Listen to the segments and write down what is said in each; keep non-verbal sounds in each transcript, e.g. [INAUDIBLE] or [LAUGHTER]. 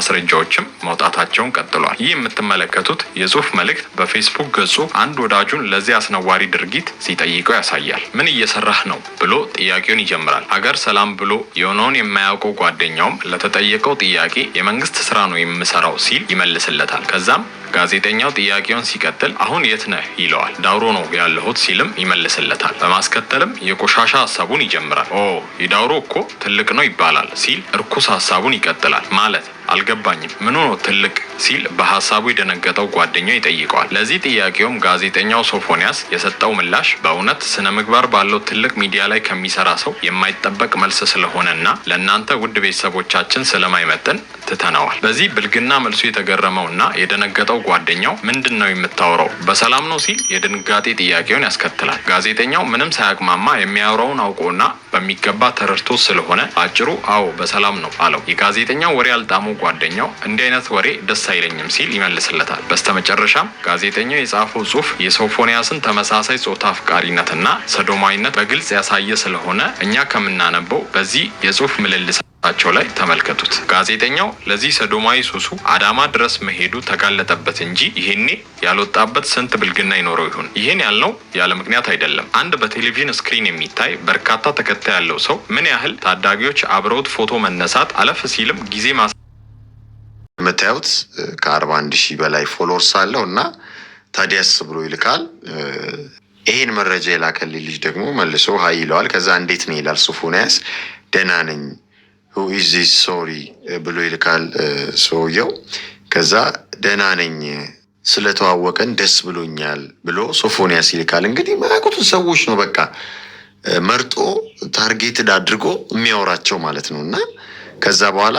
ማስረጃዎችም መውጣታቸውን ቀጥሏል። ይህ የምትመለከቱት የጽሁፍ መልእክት በፌስቡክ ገጹ አንድ ወዳጁን ለዚህ አስነዋሪ ድርጊት ሲጠይቀው ያሳያል። ምን እየሰራህ ነው ብሎ ጥያቄውን ይጀምራል። ሀገር ሰላም ብሎ የሆነውን የማያውቀው ጓደኛውም ለተጠየቀው ጥያቄ የመንግስት ስራ ነው የምሰራው ሲል ይመልስለታል። ከዛም ጋዜጠኛው ጥያቄውን ሲቀጥል አሁን የት ነህ ይለዋል። ዳውሮ ነው ያለሁት ሲልም ይመልስለታል። በማስከተልም የቆሻሻ ሀሳቡን ይጀምራል። ኦ የዳውሮ እኮ ትልቅ ነው ይባላል ሲል እርኩስ ሀሳቡን ይቀጥላል። ማለት አልገባኝም። ምኑ ነው ትልቅ ሲል በሀሳቡ የደነገጠው ጓደኛው ይጠይቀዋል። ለዚህ ጥያቄውም ጋዜጠኛው ሶፎንያስ የሰጠው ምላሽ በእውነት ስነ ምግባር ባለው ትልቅ ሚዲያ ላይ ከሚሰራ ሰው የማይጠበቅ መልስ ስለሆነና ለእናንተ ውድ ቤተሰቦቻችን ስለማይመጥን ትተነዋል። በዚህ ብልግና መልሱ የተገረመውና የደነገጠው ጓደኛው ምንድን ነው የምታወራው በሰላም ነው ሲል የድንጋጤ ጥያቄውን ያስከትላል። ጋዜጠኛው ምንም ሳያቅማማ የሚያወራውን አውቆና በሚገባ ተረድቶ ስለሆነ አጭሩ አዎ በሰላም ነው አለው። የጋዜጠኛው ወሬ አልጣሙ ጓደኛው እንዲህ አይነት ወሬ ደስ አይለኝም ሲል ይመልስለታል። በስተመጨረሻም ጋዜጠኛው የጻፈው ጽሁፍ የሶፎንያስን ተመሳሳይ ጾታ አፍቃሪነትና ሰዶማዊነት በግልጽ ያሳየ ስለሆነ እኛ ከምናነበው በዚህ የጽሁፍ ምልልሳቸው ላይ ተመልከቱት። ጋዜጠኛው ለዚህ ሰዶማዊ ሱሱ አዳማ ድረስ መሄዱ ተጋለጠበት እንጂ ይህኔ ያልወጣበት ስንት ብልግና ይኖረው ይሆን? ይህን ያልነው ያለ ምክንያት አይደለም። አንድ በቴሌቪዥን ስክሪን የሚታይ በርካታ ተከታይ ያለው ሰው ምን ያህል ታዳጊዎች አብረውት ፎቶ መነሳት አለፍ ሲልም ጊዜ ማሳ የምታዩት ከአርባ አንድ ሺህ በላይ ፎሎወርስ አለው እና ታዲያስ ብሎ ይልካል። ይሄን መረጃ የላከልኝ ልጅ ደግሞ መልሶ ሀይ ይለዋል። ከዛ እንዴት ነው ይላል ሶፎንያስ። ደህና ነኝ ሁ ሶሪ ብሎ ይልካል ሰውየው። ከዛ ደህና ነኝ ስለተዋወቀን ደስ ብሎኛል ብሎ ሶፎንያስ ይልካል። እንግዲህ ማያውቁትን ሰዎች ነው በቃ መርጦ ታርጌትድ አድርጎ የሚያወራቸው ማለት ነው እና ከዛ በኋላ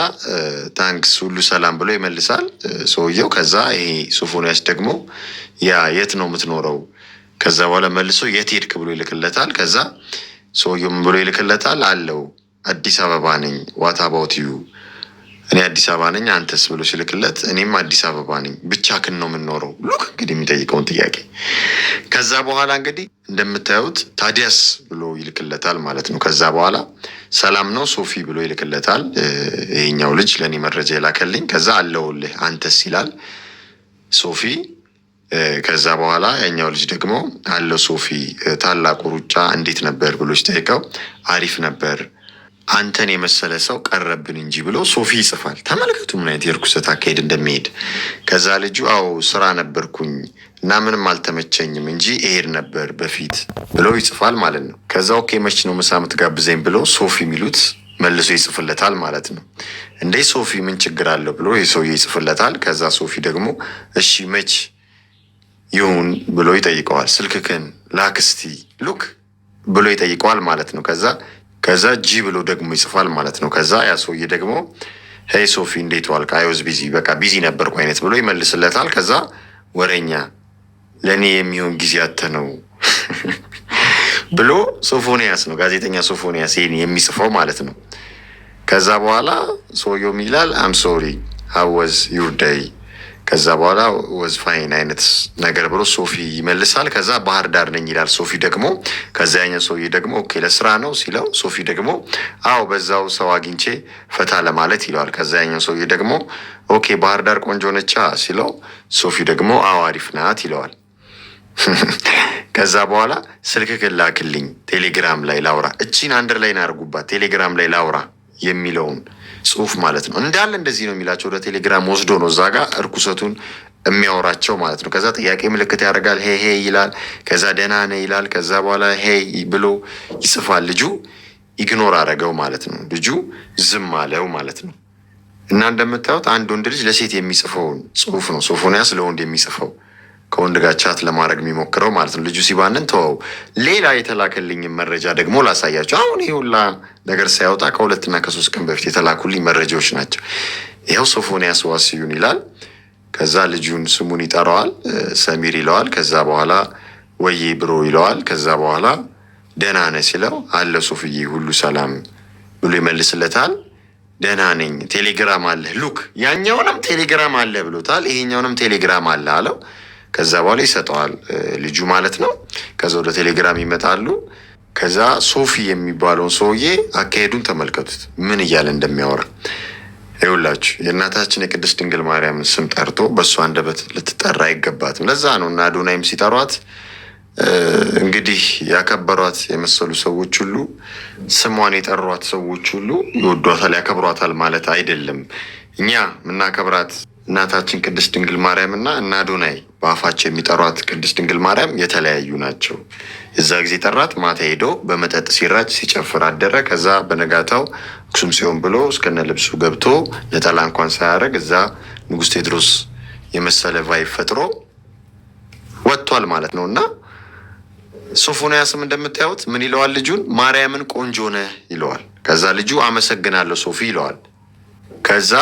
ታንክስ ሁሉ ሰላም ብሎ ይመልሳል ሰውየው። ከዛ ይሄ ሶፎንያስ ደግሞ ያ የት ነው የምትኖረው? ከዛ በኋላ መልሶ የት ሄድክ ብሎ ይልክለታል። ከዛ ሰውየው ምን ብሎ ይልክለታል? አለው አዲስ አበባ ነኝ ዋት አባውት ዩ እኔ አዲስ አበባ ነኝ አንተስ ብሎ ሲልክለት እኔም አዲስ አበባ ነኝ ክን ነው የምንኖረው ብሎ እንግዲህ የሚጠይቀውን ጥያቄ ከዛ በኋላ እንግዲህ እንደምታዩት ታዲያስ ብሎ ይልክለታል ማለት ነው። ከዛ በኋላ ሰላም ነው ሶፊ ብሎ ይልክለታል። ይሄኛው ልጅ ለእኔ መረጃ የላከልኝ። ከዛ አለውልህ አንተስ ይላል ሶፊ ከዛ በኋላ ያኛው ልጅ ደግሞ አለው ሶፊ ታላቁ ሩጫ እንዴት ነበር ብሎ ሲጠይቀው አሪፍ ነበር አንተን የመሰለ ሰው ቀረብን እንጂ ብሎ ሶፊ ይጽፋል። ተመልከቱ ምን አይነት የርኩሰት አካሄድ እንደሚሄድ። ከዛ ልጁ አዎ ስራ ነበርኩኝ እና ምንም አልተመቸኝም እንጂ እሄድ ነበር በፊት ብሎ ይጽፋል ማለት ነው። ከዛ ኦኬ መች ነው ምሳ ምትጋብዘኝ ብሎ ሶፊ የሚሉት መልሶ ይጽፍለታል ማለት ነው። እንዴ ሶፊ ምን ችግር አለው ብሎ የሰውዬ ይጽፍለታል። ከዛ ሶፊ ደግሞ እሺ መች ይሁን ብሎ ይጠይቀዋል። ስልክክን ላክስቲ ሉክ ብሎ ይጠይቀዋል ማለት ነው። ከዛ ከዛ ጂ ብሎ ደግሞ ይጽፋል ማለት ነው። ከዛ ያ ሰውዬ ደግሞ ሄይ ሶፊ እንዴት ዋልክ? አይወዝ ቢዚ በቃ ቢዚ ነበርኩ አይነት ብሎ ይመልስለታል። ከዛ ወረኛ ለእኔ የሚሆን ጊዜ አተ ነው [LAUGHS] ብሎ ሶፎንያስ ነው ጋዜጠኛ ሶፎንያስ ይህን የሚጽፈው ማለት ነው። ከዛ በኋላ ሰውየውም ይላል አም ሶሪ ሀወዝ ዩር ደይ ከዛ በኋላ ወዝ ፋይን አይነት ነገር ብሎ ሶፊ ይመልሳል። ከዛ ባህር ዳር ነኝ ይላል ሶፊ ደግሞ። ከዛ ያኛው ሰውዬ ደግሞ ኦኬ ለስራ ነው ሲለው ሶፊ ደግሞ አዎ በዛው ሰው አግኝቼ ፈታ ለማለት ይለዋል። ከዛ ያኛው ሰውዬ ደግሞ ኦኬ ባህር ዳር ቆንጆ ነቻ ሲለው ሶፊ ደግሞ አዎ አሪፍ ናት ይለዋል። [LAUGHS] ከዛ በኋላ ስልክ ክላክልኝ ቴሌግራም ላይ ላውራ፣ እቺን አንድር ላይ ናርጉባት ቴሌግራም ላይ ላውራ የሚለውን ጽሁፍ ማለት ነው። እንዳለ እንደዚህ ነው የሚላቸው ወደ ቴሌግራም ወስዶ ነው እዛ ጋር እርኩሰቱን የሚያወራቸው ማለት ነው። ከዛ ጥያቄ ምልክት ያደርጋል፣ ሄ ሄ ይላል። ከዛ ደህና ነህ ይላል። ከዛ በኋላ ሄ ብሎ ይጽፋል። ልጁ ኢግኖር አደረገው ማለት ነው። ልጁ ዝም አለው ማለት ነው። እና እንደምታዩት አንድ ወንድ ልጅ ለሴት የሚጽፈውን ጽሁፍ ነው ሶፎንያስ ለወንድ የሚጽፈው ከወንድ ጋር ቻት ለማድረግ የሚሞክረው ማለት ነው። ልጁ ሲባንን ተወው። ሌላ የተላከልኝ መረጃ ደግሞ ላሳያቸው። አሁን ይህ ሁላ ነገር ሳያወጣ ከሁለትና ከሶስት ቀን በፊት የተላኩልኝ መረጃዎች ናቸው። ይኸው ሶፎንያስ ዋስዩን ይላል። ከዛ ልጁን ስሙን ይጠራዋል፣ ሰሚር ይለዋል። ከዛ በኋላ ወይ ብሮ ይለዋል። ከዛ በኋላ ደህና ነህ ሲለው አለ ሶፍዬ ሁሉ ሰላም ብሎ ይመልስለታል። ደህና ነኝ ቴሌግራም አለህ ሉክ፣ ያኛውንም ቴሌግራም አለህ ብሎታል፣ ይሄኛውንም ቴሌግራም አለ አለው። ከዛ በኋላ ይሰጠዋል ልጁ ማለት ነው። ከዛ ወደ ቴሌግራም ይመጣሉ። ከዛ ሶፊ የሚባለውን ሰውዬ አካሄዱን ተመልከቱት ምን እያለ እንደሚያወራ ይውላችሁ። የእናታችን የቅድስት ድንግል ማርያምን ስም ጠርቶ በእሱ አንደበት ልትጠራ አይገባትም። ለዛ ነው እና አዶናይም ሲጠሯት እንግዲህ ያከበሯት የመሰሉ ሰዎች ሁሉ ስሟን የጠሯት ሰዎች ሁሉ ይወዷታል፣ ያከብሯታል ማለት አይደለም። እኛ የምናከብራት እናታችን ቅድስት ድንግል ማርያም እና እና አዶናይ በአፋቸው የሚጠሯት ቅድስት ድንግል ማርያም የተለያዩ ናቸው። እዛ ጊዜ ጠራት። ማታ ሄዶ በመጠጥ ሲራጭ ሲጨፍር አደረ። ከዛ በነጋታው አክሱም ሲሆን ብሎ እስከነ ልብሱ ገብቶ ነጠላ እንኳን ሳያደርግ እዛ ንጉሥ ቴድሮስ የመሰለ ቫይ ፈጥሮ ወጥቷል ማለት ነው እና ሶፎንያስም እንደምታዩት ምን ይለዋል? ልጁን ማርያምን ቆንጆ ነህ ይለዋል። ከዛ ልጁ አመሰግናለሁ ሶፊ ይለዋል። ከዛ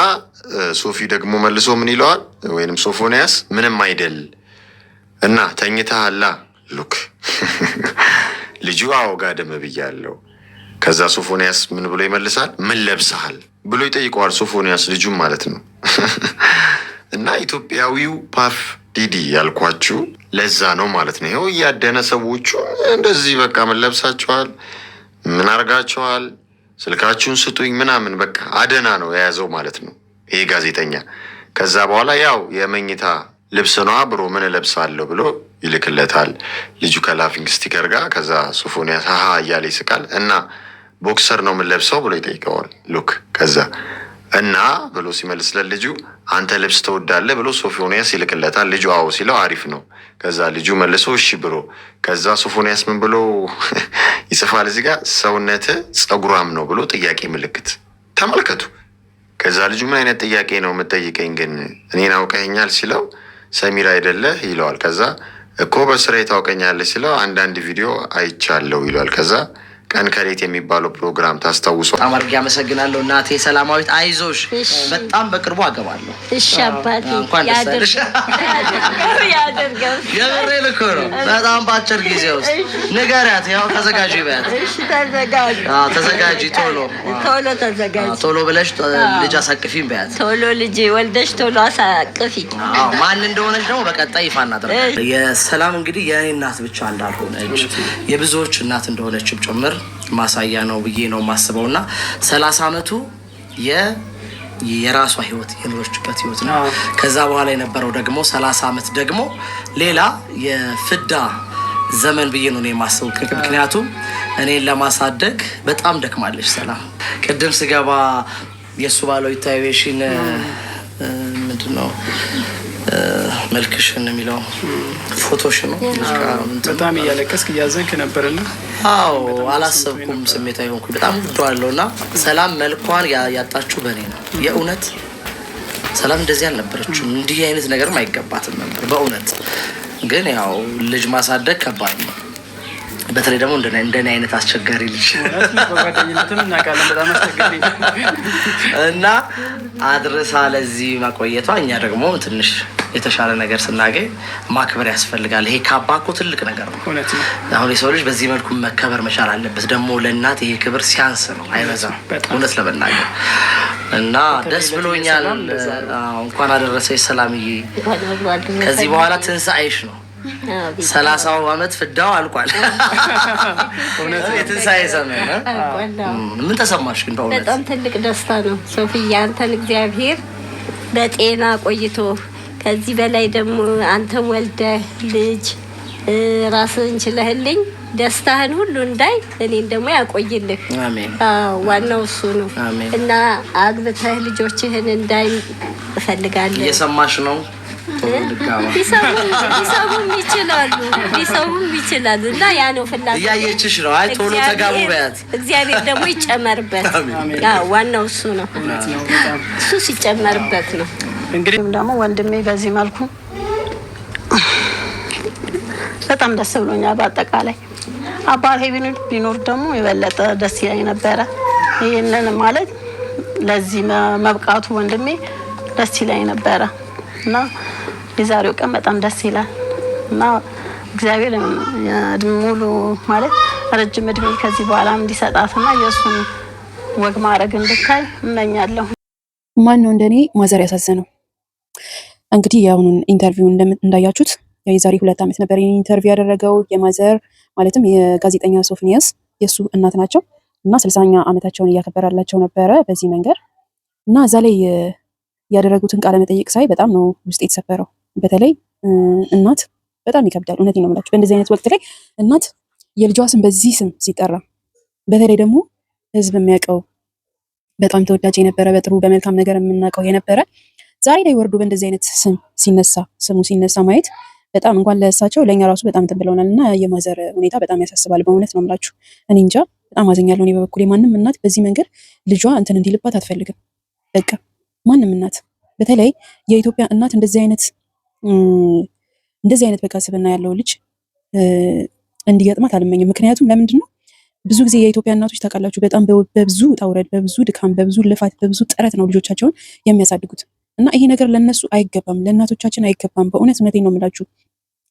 ሶፊ ደግሞ መልሶ ምን ይለዋል ወይንም ሶፎንያስ ምንም አይደል እና ተኝተሃላ ሉክ [LAUGHS] ልጁ አወጋ ደመ ብያለው። ከዛ ሶፎንያስ ምን ብሎ ይመልሳል? ምን ለብሰሃል ብሎ ይጠይቀዋል። ሶፎንያስ ልጁም ማለት ነው። [LAUGHS] እና ኢትዮጵያዊው ፓፍ ዲዲ ያልኳችሁ ለዛ ነው ማለት ነው። ይኸው እያደነ ሰዎቹ እንደዚህ በቃ ምን ለብሳችኋል? ምን አርጋችኋል? ስልካችሁን ስጡኝ ምናምን በቃ አደና ነው የያዘው ማለት ነው ይሄ ጋዜጠኛ። ከዛ በኋላ ያው የመኝታ ልብስ ነው አብሮ ምን እለብሳለሁ ብሎ ይልክለታል ልጁ ከላፊንግ ስቲከር ጋር። ከዛ ሱፉን ያሳሀ እያለ ይስቃል እና ቦክሰር ነው የምንለብሰው ብሎ ይጠይቀዋል ሉክ ከዛ እና ብሎ ሲመልስለት ልጁ አንተ ልብስ ትወዳለህ ብሎ ሶፎንያስ ይልክለታል። ልጁ አዎ ሲለው አሪፍ ነው። ከዛ ልጁ መልሶ እሺ ብሎ ከዛ ሶፎንያስ ምን ብሎ [LAUGHS] ይጽፋል እዚህ ጋር ሰውነት ጸጉሯም ነው ብሎ ጥያቄ ምልክት ተመልከቱ። ከዛ ልጁ ምን አይነት ጥያቄ ነው የምጠይቀኝ ግን እኔን አውቀኸኛል ሲለው ሰሚር አይደለህ ይለዋል። ከዛ እኮ በስራ የታውቀኛለህ ሲለው አንዳንድ ቪዲዮ አይቻለው ይለዋል። ከዛ ቀን ከሌት የሚባለው ፕሮግራም ታስታውሷል? በጣም አድርጌ አመሰግናለሁ እናቴ ሰላማዊት፣ አይዞሽ በጣም በቅርቡ አገባለሁ። እሺ አባቴ ያደርገው የምሬ ልክ ነው። በጣም በአጭር ጊዜ ውስጥ ንገሪያት፣ ያው ተዘጋጅ ይበያት። ተዘጋጅ ቶሎ ቶሎ ተዘጋጅ ቶሎ ብለሽ ልጅ አሳቅፊ በያት። ቶሎ ልጅ ወልደሽ ቶሎ አሳቅፊ። ማን እንደሆነች ደግሞ በቀጣይ ይፋ እናደርጋለን። የሰላም እንግዲህ የእኔ እናት ብቻ እንዳልሆነች የብዙዎች እናት እንደሆነችም ጭምር ማሳያ ነው ብዬ ነው የማስበው እና ሰላሳ አመቱ የራሷ ህይወት የኖረችበት ህይወት ነው። ከዛ በኋላ የነበረው ደግሞ ሰላሳ አመት ደግሞ ሌላ የፍዳ ዘመን ብዬ ነው የማስበው። ምክንያቱም እኔን ለማሳደግ በጣም ደክማለች ሰላም። ቅድም ስገባ የእሱ ባለው ኢታዩሽን ምንድን ነው መልክሽን የሚለው ፎቶሽ ነው። በጣም እያለቀስክ እያዘንክ ነበርና፣ አዎ አላሰብኩም፣ ስሜት አይሆንኩ በጣም ወደዋለሁ እና ሰላም መልኳን ያጣችሁ በእኔ ነው የእውነት ሰላም እንደዚህ አልነበረችም። እንዲህ አይነት ነገርም አይገባትም ነበር በእውነት ግን ያው ልጅ ማሳደግ ከባድ ነው። በተለይ ደግሞ እንደኔ አይነት አስቸጋሪ ልጅ እና አድርሳ ለዚህ መቆየቷ እኛ ደግሞ ትንሽ የተሻለ ነገር ስናገኝ ማክበር ያስፈልጋል። ይሄ ካባ እኮ ትልቅ ነገር ነው። አሁን የሰው ልጅ በዚህ መልኩ መከበር መቻል አለበት። ደግሞ ለእናት ይሄ ክብር ሲያንስ ነው፣ አይበዛም። እውነት ለመናገር እና ደስ ብሎኛል። እንኳን አደረሰች ሰላምዬ። ከዚህ በኋላ አይሽ ነው ሰላሳው አመት ፍዳው አልቋል። እውነት የትንሣኤ ዘመን ምን ተሰማሽ ግን? በእውነት በጣም ትልቅ ደስታ ነው። ሶፊያ አንተን እግዚአብሔር በጤና ቆይቶ ከዚህ በላይ ደግሞ አንተን ወልደህ ልጅ ራስህን ችለህልኝ ደስታህን ሁሉ እንዳይ እኔን ደግሞ ያቆይልህ። ዋናው እሱ ነው እና አግብተህ ልጆችህን እንዳይ እፈልጋለሁ። እየሰማሽ ነው ሊሰሙም ይችላሉ ሊሰሙም ይችላሉ። እና ያ ነው ፍላጎት። እያየችሽ ነው። አይ ቶሎ ተጋቡ በያት። እግዚአብሔር ደግሞ ይጨመርበት። ዋናው እሱ ነው። እሱ ሲጨመርበት ነው። እንግዲህ ደግሞ ወንድሜ በዚህ መልኩ በጣም ደስ ብሎኛል። በአጠቃላይ አባቴ ቢኖር ደግሞ የበለጠ ደስ ይለኝ ነበረ። ይህንን ማለት ለዚህ መብቃቱ ወንድሜ ደስ ይለኝ ነበረ እና የዛሬው ቀን በጣም ደስ ይላል እና እግዚአብሔር ሙሉ ማለት ረጅም እድሜ ከዚህ እንዲሰጣት እንዲሰጣትና የእሱን ወግ ማድረግ እንድታይ እመኛለሁ። ማን ነው እንደኔ ማዘር ያሳዘነው? እንግዲህ የአሁኑን ኢንተርቪው እንዳያችሁት የዛሬ ሁለት ዓመት ነበር ኢንተርቪው ያደረገው። የማዘር ማለትም የጋዜጠኛ ሶፍኒያስ የእሱ እናት ናቸው እና ስልሳኛ ዓመታቸውን እያከበራላቸው ነበረ በዚህ መንገድ እና እዛ ላይ ያደረጉትን ቃለ መጠይቅ ሳይ በጣም ነው ውስጥ የተሰበረው። በተለይ እናት በጣም ይከብዳል። እውነት ነው የምላችሁ። በእንደዚህ አይነት ወቅት ላይ እናት የልጇ ስም በዚህ ስም ሲጠራ፣ በተለይ ደግሞ ህዝብ የሚያውቀው በጣም ተወዳጅ የነበረ በጥሩ በመልካም ነገር የምናውቀው የነበረ ዛሬ ላይ ወርዶ በእንደዚህ አይነት ስም ሲነሳ ስሙ ሲነሳ ማየት በጣም እንኳን ለእሳቸው ለእኛ ራሱ በጣም እንትን ብለውናል። እና የማዘር ሁኔታ በጣም ያሳስባል። በእውነት ነው የምላችሁ። እኔ እንጃ በጣም አዘኛለሁ። እኔ በበኩሌ ማንም እናት በዚህ መንገድ ልጇ እንትን እንዲልባት አትፈልግም። በቃ ማንም እናት፣ በተለይ የኢትዮጵያ እናት እንደዚህ አይነት እንደዚህ አይነት በቃ ስብና ያለው ልጅ እንዲገጥማት አልመኝም። ምክንያቱም ለምንድን ነው ብዙ ጊዜ የኢትዮጵያ እናቶች ታውቃላችሁ፣ በጣም በብዙ ውጣ ውረድ፣ በብዙ ድካም፣ በብዙ ልፋት፣ በብዙ ጥረት ነው ልጆቻቸውን የሚያሳድጉት እና ይሄ ነገር ለነሱ አይገባም፣ ለእናቶቻችን አይገባም። በእውነት እውነቴን ነው የምላችሁ።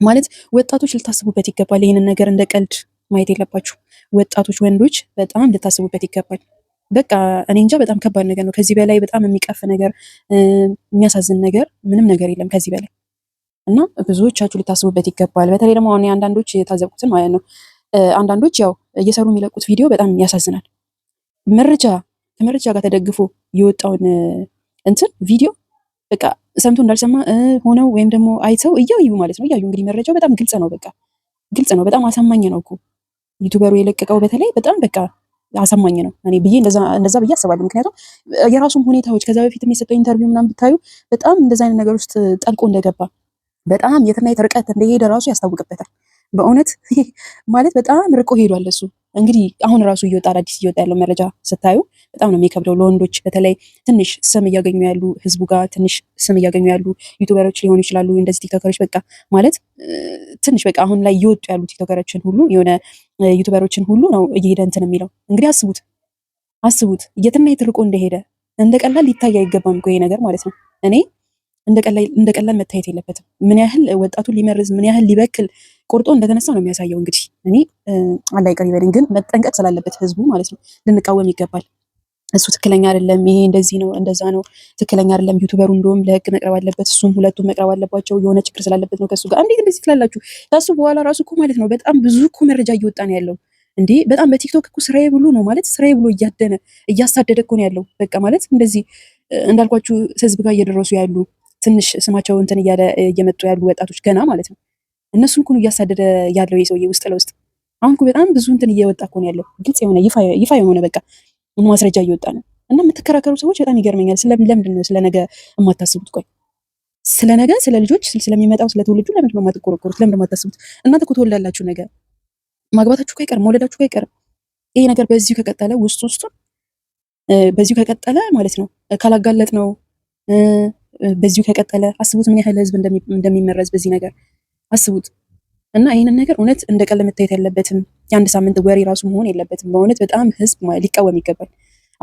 ማለት ወጣቶች ልታስቡበት ይገባል። ይህንን ነገር እንደ ቀልድ ማየት የለባችሁ። ወጣቶች ወንዶች በጣም ልታስቡበት ይገባል። በቃ እኔ እንጃ በጣም ከባድ ነገር ነው። ከዚህ በላይ በጣም የሚቀፍ ነገር፣ የሚያሳዝን ነገር ምንም ነገር የለም ከዚህ በላይ እና ብዙዎቻችሁ ልታስቡበት ይገባል። በተለይ ደግሞ አሁን አንዳንዶች የታዘብኩትን ማለት ነው አንዳንዶች ያው እየሰሩ የሚለቁት ቪዲዮ በጣም ያሳዝናል። መረጃ ከመረጃ ጋር ተደግፎ የወጣውን እንትን ቪዲዮ በቃ ሰምቶ እንዳልሰማ ሆነው ወይም ደግሞ አይተው እያዩ ማለት ነው እያዩ እንግዲህ መረጃው በጣም ግልጽ ነው፣ በቃ ግልጽ ነው፣ በጣም አሳማኝ ነው እኮ ዩቱበሩ የለቀቀው በተለይ በጣም በቃ አሳማኝ ነው እኔ ብዬ እንደዛ ብዬ አስባለሁ። ምክንያቱም የራሱም ሁኔታዎች ከዛ በፊት የሚሰጠው ኢንተርቪው ምናምን ብታዩ በጣም እንደዛ አይነት ነገር ውስጥ ጠልቆ እንደገባ በጣም የትናየት ርቀት እንደሄደ ራሱ ያስታውቅበታል። በእውነት [LAUGHS] ማለት በጣም ርቆ ሄዷል እሱ። እንግዲህ አሁን ራሱ እየወጣ አዳዲስ እየወጣ ያለው መረጃ ስታዩ በጣም ነው የሚከብደው። ለወንዶች በተለይ ትንሽ ስም እያገኙ ያሉ ህዝቡ ጋር ትንሽ ስም እያገኙ ያሉ ዩቱበሮች ሊሆኑ ይችላሉ፣ እንደዚህ ቲክቶከሮች በቃ ማለት ትንሽ በቃ አሁን ላይ እየወጡ ያሉ ቲክቶከሮችን ሁሉ የሆነ ዩቱበሮችን ሁሉ ነው እየሄደ እንትን የሚለው እንግዲህ አስቡት አስቡት የትና የት ርቆ እንደሄደ እንደ ቀላል ሊታይ አይገባም ይሄ ነገር ማለት ነው እኔ እንደ ቀላል መታየት የለበትም። ምን ያህል ወጣቱ ሊመርዝ ምን ያህል ሊበክል ቆርጦ እንደተነሳ ነው የሚያሳየው። እንግዲህ እኔ አላ ይቅር ይበለኝ፣ ግን መጠንቀቅ ስላለበት ህዝቡ ማለት ነው ልንቃወም ይገባል። እሱ ትክክለኛ አይደለም፣ ይሄ እንደዚህ ነው እንደዛ ነው ትክክለኛ አይደለም። ዩቱበሩ እንደውም ለህግ መቅረብ አለበት፣ እሱም ሁለቱም መቅረብ አለባቸው። የሆነ ችግር ስላለበት ነው ከሱ ጋር እንዴት እንደዚህ ትላላችሁ? ከሱ በኋላ ራሱ እኮ ማለት ነው በጣም ብዙ እኮ መረጃ እየወጣ ነው ያለው እንዴ በጣም በቲክቶክ እኮ ስራዬ ብሎ ነው ማለት ስራዬ ብሎ እያደነ እያሳደደ እኮ ነው ያለው። በቃ ማለት እንደዚህ እንዳልኳችሁ ህዝብ ጋር እየደረሱ ያሉ ትንሽ ስማቸው እንትን እያለ እየመጡ ያሉ ወጣቶች ገና ማለት ነው። እነሱን ኩን እያሳደደ ያለው የሰውዬ ውስጥ ለውስጥ አሁን በጣም ብዙ እንትን እየወጣ እኮ ያለው። ግልጽ የሆነ ይፋ የሆነ በቃ ማስረጃ እየወጣ ነው። እና የምትከራከሩ ሰዎች በጣም ይገርመኛል። ለምንድን ነው ስለ ነገ የማታስቡት? ቆይ ስለ ነገ፣ ስለ ልጆች፣ ስለሚመጣው፣ ስለ ትውልዱ ለምንድን ነው የማትቆረቆሩት? ለምንድን ነው የማታስቡት? እናንተ እኮ ትወልዳላችሁ ነገ፣ ማግባታችሁ እኮ አይቀርም፣ መውለዳችሁ እኮ አይቀርም። ነገር በዚሁ ከቀጠለ ውስጥ ውስጡን በዚሁ ከቀጠለ ማለት ነው ካላጋለጥ ነው በዚሁ ከቀጠለ አስቡት ምን ያህል ህዝብ እንደሚመረዝ በዚህ ነገር አስቡት። እና ይህንን ነገር እውነት እንደ ቀልድ መታየት ያለበትም የአንድ ሳምንት ወሬ ራሱ መሆን የለበትም። በእውነት በጣም ህዝብ ሊቃወም ይገባል።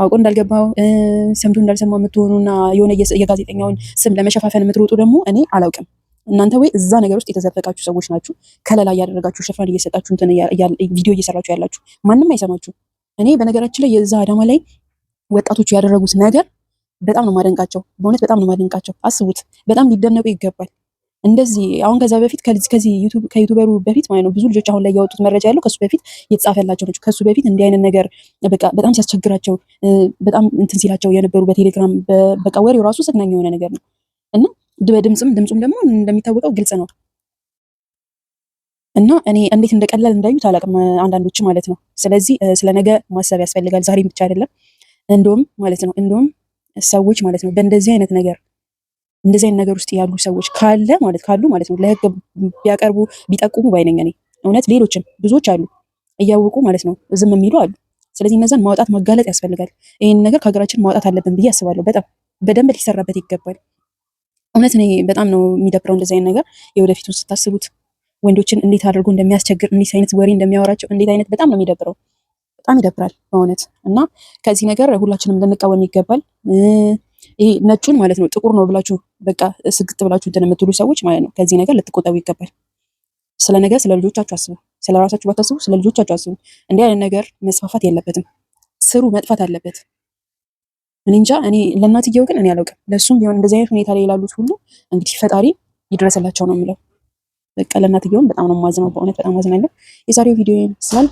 አውቆ እንዳልገባው ሰምቶ እንዳልሰማ የምትሆኑና የሆነ የጋዜጠኛውን ስም ለመሸፋፈን የምትሮጡ ደግሞ እኔ አላውቅም። እናንተ ወይ እዛ ነገር ውስጥ የተዘፈቃችሁ ሰዎች ናችሁ። ከለላ እያደረጋችሁ ሽፋን እየሰጣችሁ ቪዲዮ እየሰራችሁ ያላችሁ ማንም አይሰማችሁ። እኔ በነገራችን ላይ የዛ አዳማ ላይ ወጣቶቹ ያደረጉት ነገር በጣም ነው ማደንቃቸው። በእውነት በጣም ነው ማደንቃቸው። አስቡት፣ በጣም ሊደነቁ ይገባል። እንደዚህ አሁን ከዛ በፊት ከዚህ ከዩቱበሩ በፊት ማለት ነው ብዙ ልጆች አሁን ላይ ያወጡት መረጃ ያለው ከሱ በፊት የተጻፈላቸው ናቸው። ከሱ በፊት እንዲህ አይነት ነገር በቃ በጣም ሲያስቸግራቸው በጣም እንትን ሲላቸው የነበሩ በቴሌግራም በቃ ወሬው ራሱ ዘግናኝ የሆነ ነገር ነው እና በድምፅም ድምፁም ደግሞ እንደሚታወቀው ግልጽ ነው እና እኔ እንዴት እንደቀላል እንዳዩት አላቅም አንዳንዶች ማለት ነው። ስለዚህ ስለ ነገ ማሰብ ያስፈልጋል። ዛሬም ብቻ አይደለም እንደውም ማለት ነው እንደውም ሰዎች ማለት ነው በእንደዚህ አይነት ነገር እንደዚህ አይነት ነገር ውስጥ ያሉ ሰዎች ካለ ማለት ካሉ ማለት ነው ለህግ ቢያቀርቡ ቢጠቁሙ ባይነኝ እኔ እውነት ሌሎችም ብዙዎች አሉ እያወቁ ማለት ነው ዝም የሚሉ አሉ። ስለዚህ እነዛን ማውጣት መጋለጥ ያስፈልጋል። ይህን ነገር ከሀገራችን ማውጣት አለብን ብዬ አስባለሁ። በጣም በደንብ ሊሰራበት ይገባል። እውነት እኔ በጣም ነው የሚደብረው እንደዚህ አይነት ነገር። የወደፊቱን ስታስቡት ወንዶችን እንዴት አድርጎ እንደሚያስቸግር እንዴት አይነት ወሬ እንደሚያወራቸው እንዴት አይነት በጣም ነው የሚደብረው። በጣም ይደብራል በእውነት እና ከዚህ ነገር ሁላችንም ልንቃወም ይገባል። ይሄ ነጩን ማለት ነው ጥቁር ነው ብላችሁ በቃ ስግጥ ብላችሁ እንትን የምትሉ ሰዎች ማለት ነው ከዚህ ነገር ልትቆጠቡ ይገባል። ስለ ነገር ስለ ልጆቻችሁ አስቡ። ስለ ራሳችሁ ባታስቡ ስለ ልጆቻችሁ አስቡ። እንዲህ አይነት ነገር መስፋፋት የለበትም። ስሩ መጥፋት አለበት። እኔ እንጃ እኔ ለእናትየው ግን እኔ አላውቅም። ለእሱም ቢሆን እንደዚህ አይነት ሁኔታ ላይ ላሉት ሁሉ እንግዲህ ፈጣሪ ይድረስላቸው ነው የምለው። በቃ ለእናትየውም በጣም ነው ማዝነው፣ በእውነት በጣም አዝናለሁ። የዛሬው ቪዲዮ ይመስላል።